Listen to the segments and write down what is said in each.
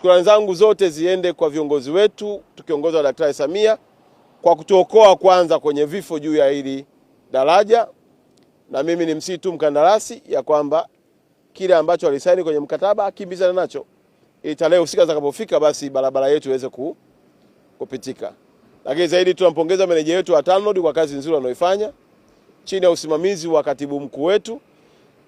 Shukrani zangu zote ziende kwa viongozi wetu tukiongozwa na Daktari Samia kwa kutuokoa kwanza kwenye vifo juu ya hili daraja, na mimi ni msii tu mkandarasi ya kwamba kile ambacho alisaini kwenye mkataba akimbizana nacho ili tarehe husika basi barabara yetu iweze ku, kupitika. Lakini zaidi tunampongeza meneja wetu wa TANROADS kwa kazi nzuri anayoifanya chini ya usimamizi wa katibu mkuu wetu.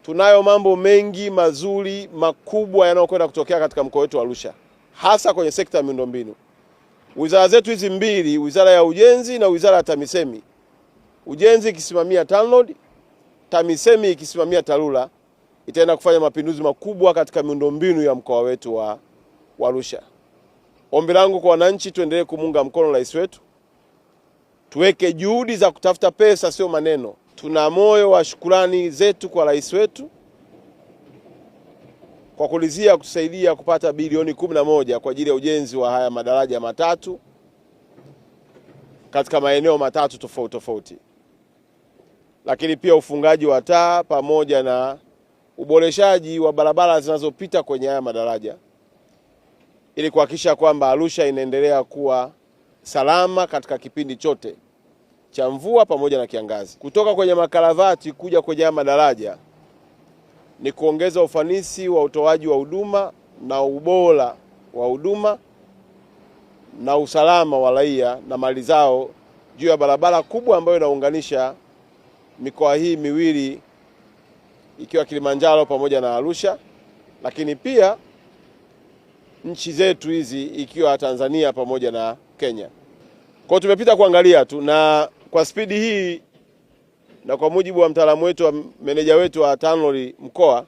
Tunayo mambo mengi mazuri makubwa yanayokwenda kutokea katika mkoa wetu wa Arusha hasa kwenye sekta ya miundombinu. Wizara zetu hizi mbili, wizara ya ujenzi na wizara ya TAMISEMI, ujenzi ikisimamia TANROADS, TAMISEMI ikisimamia TARURA, itaenda kufanya mapinduzi makubwa katika miundombinu ya mkoa wetu wa Arusha. Ombi langu kwa wananchi, tuendelee kumuunga mkono rais wetu, tuweke juhudi za kutafuta pesa, sio maneno. Tuna moyo wa shukurani zetu kwa rais wetu kwa kulizia kusaidia kupata bilioni kumi na moja kwa ajili ya ujenzi wa haya madaraja matatu katika maeneo matatu tofauti tofauti, lakini pia ufungaji wa taa pamoja na uboreshaji wa barabara zinazopita kwenye haya madaraja ili kuhakikisha kwamba Arusha inaendelea kuwa salama katika kipindi chote cha mvua pamoja na kiangazi. Kutoka kwenye makaravati kuja kwenye haya madaraja ni kuongeza ufanisi wa utoaji wa huduma na ubora wa huduma na usalama wa raia na mali zao juu ya barabara kubwa ambayo inaunganisha mikoa hii miwili ikiwa Kilimanjaro pamoja na Arusha, lakini pia nchi zetu hizi ikiwa Tanzania pamoja na Kenya. Kwa tumepita kuangalia tu na kwa spidi hii na kwa mujibu wa mtaalamu wetu wa meneja wetu wa TANROADS mkoa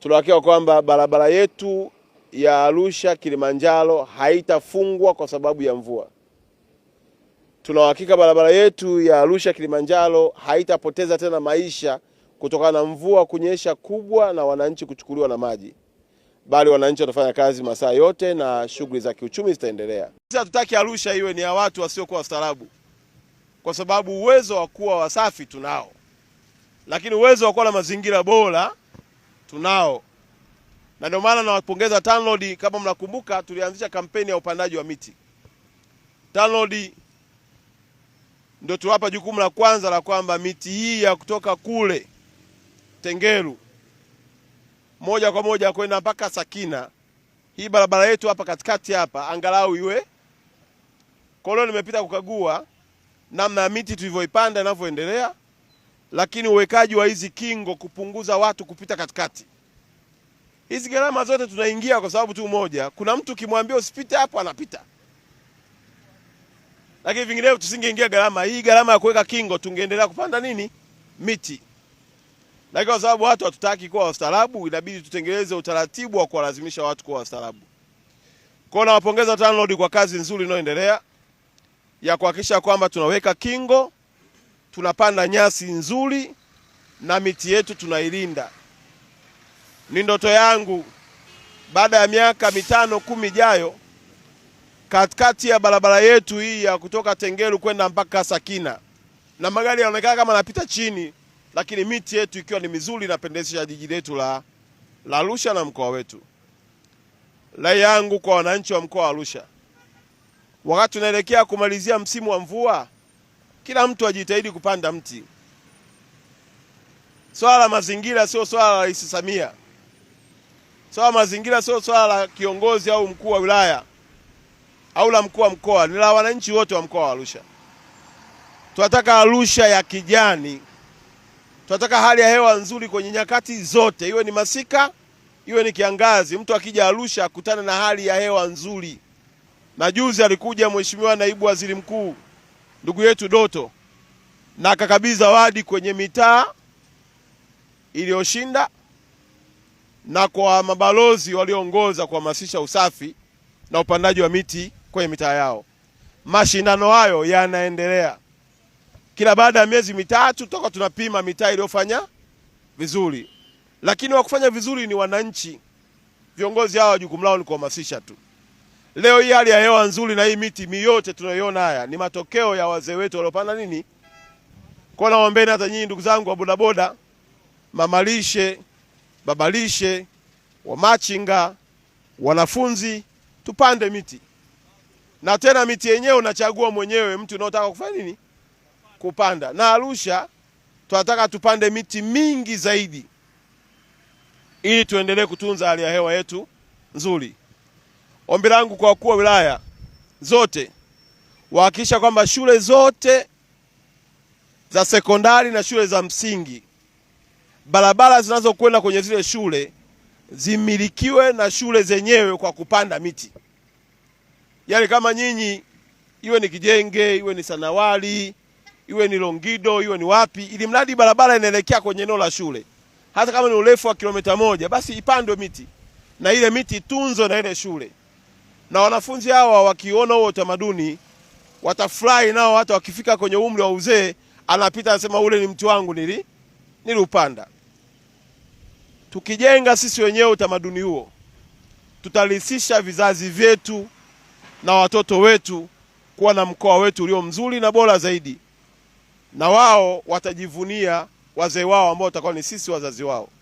tunawakiwa kwamba barabara yetu ya Arusha Kilimanjaro haitafungwa kwa sababu ya mvua. Tunawakika barabara yetu ya Arusha Kilimanjaro haitapoteza tena maisha kutokana na mvua kunyesha kubwa na wananchi kuchukuliwa na maji, bali wananchi watafanya kazi masaa yote na shughuli za kiuchumi zitaendelea. Sisi hatutaki Arusha iwe ni ya watu wasiokuwa wastaarabu kwa sababu uwezo wa kuwa wasafi tunao, lakini uwezo wa kuwa na mazingira bora tunao, na ndio maana nawapongeza TANROADS. Kama mnakumbuka, tulianzisha kampeni ya upandaji wa miti. TANROADS ndio tuwapa jukumu la kwanza la kwamba miti hii ya kutoka kule Tengeru moja kwa moja kwenda mpaka Sakina, hii barabara yetu hapa katikati hapa, angalau iwe kwa leo. Nimepita kukagua namna ya miti tulivyoipanda inavyoendelea, lakini uwekaji wa hizi kingo kupunguza watu kupita katikati. Hizi gharama zote tunaingia kwa sababu tu moja, kuna mtu ukimwambia usipite hapo anapita, lakini vinginevyo tusingeingia gharama hii. Gharama ya kuweka kingo tungeendelea kupanda nini, miti. Lakini kwa sababu watu hatutaki kuwa wastaarabu, inabidi tutengeleze utaratibu wa kuwalazimisha watu kuwa wastaarabu. Kwa nawapongeza TANROADS kwa kazi nzuri inayoendelea ya kuhakikisha kwamba tunaweka kingo, tunapanda nyasi nzuri na miti yetu tunailinda. Ni ndoto yangu baada ya miaka mitano kumi ijayo, katikati ya barabara yetu hii ya kutoka Tengeru kwenda mpaka Sakina, na magari yanaonekana kama yanapita chini, lakini miti yetu ikiwa ni mizuri inapendezesha jiji letu la Arusha na mkoa wetu. Rai yangu kwa wananchi wa mkoa wa Arusha Wakati tunaelekea kumalizia msimu wa mvua, kila mtu ajitahidi kupanda mti. Swala la mazingira sio swala la Rais Samia, swala la mazingira sio swala la kiongozi au mkuu wa wilaya au la mkuu wa mkoa, ni la wananchi wote wa mkoa wa Arusha. Tunataka Arusha ya kijani, tunataka hali ya hewa nzuri kwenye nyakati zote, iwe ni masika, iwe ni kiangazi. Mtu akija Arusha akutane na hali ya hewa nzuri na juzi alikuja Mheshimiwa Naibu Waziri Mkuu ndugu yetu Doto na akakabidhi zawadi kwenye mitaa iliyoshinda na kwa mabalozi walioongoza kuhamasisha usafi na upandaji wa miti kwenye mitaa yao. Mashindano hayo yanaendelea kila baada ya miezi mitatu, toka tunapima mitaa iliyofanya vizuri, lakini wakufanya vizuri ni wananchi. Viongozi hawa jukumu lao ni kuhamasisha tu. Leo hii hali ya hewa nzuri na hii miti miyote tunayoiona, haya ni matokeo ya wazee wetu waliopanda nini. Kwa naombeni hata nyinyi ndugu zangu wa bodaboda, mamalishe, babalishe, wamachinga, wanafunzi, tupande miti na tena miti yenyewe unachagua mwenyewe mtu unaotaka kufanya nini kupanda. Na Arusha tunataka tupande miti mingi zaidi, ili tuendelee kutunza hali ya hewa yetu nzuri. Ombi langu kwa wakuu wa wilaya zote wahakikisha kwamba shule zote za sekondari na shule za msingi, barabara zinazokwenda kwenye zile shule zimilikiwe na shule zenyewe kwa kupanda miti. yani kama nyinyi, iwe ni Kijenge, iwe ni Sanawali, iwe ni Longido, iwe ni wapi, ili mradi barabara inaelekea kwenye eneo la shule, hata kama ni urefu wa kilomita moja, basi ipandwe miti na ile miti tunzo na ile shule na wanafunzi hawa wakiona huo utamaduni watafurahi nao, hata wakifika kwenye umri wa uzee, anapita anasema, ule ni mti wangu nili niliupanda. Tukijenga sisi wenyewe utamaduni huo, tutarihisisha vizazi vyetu na watoto wetu kuwa na mkoa wetu ulio mzuri na bora zaidi, na wao watajivunia wazee wao ambao watakuwa ni sisi wazazi wao.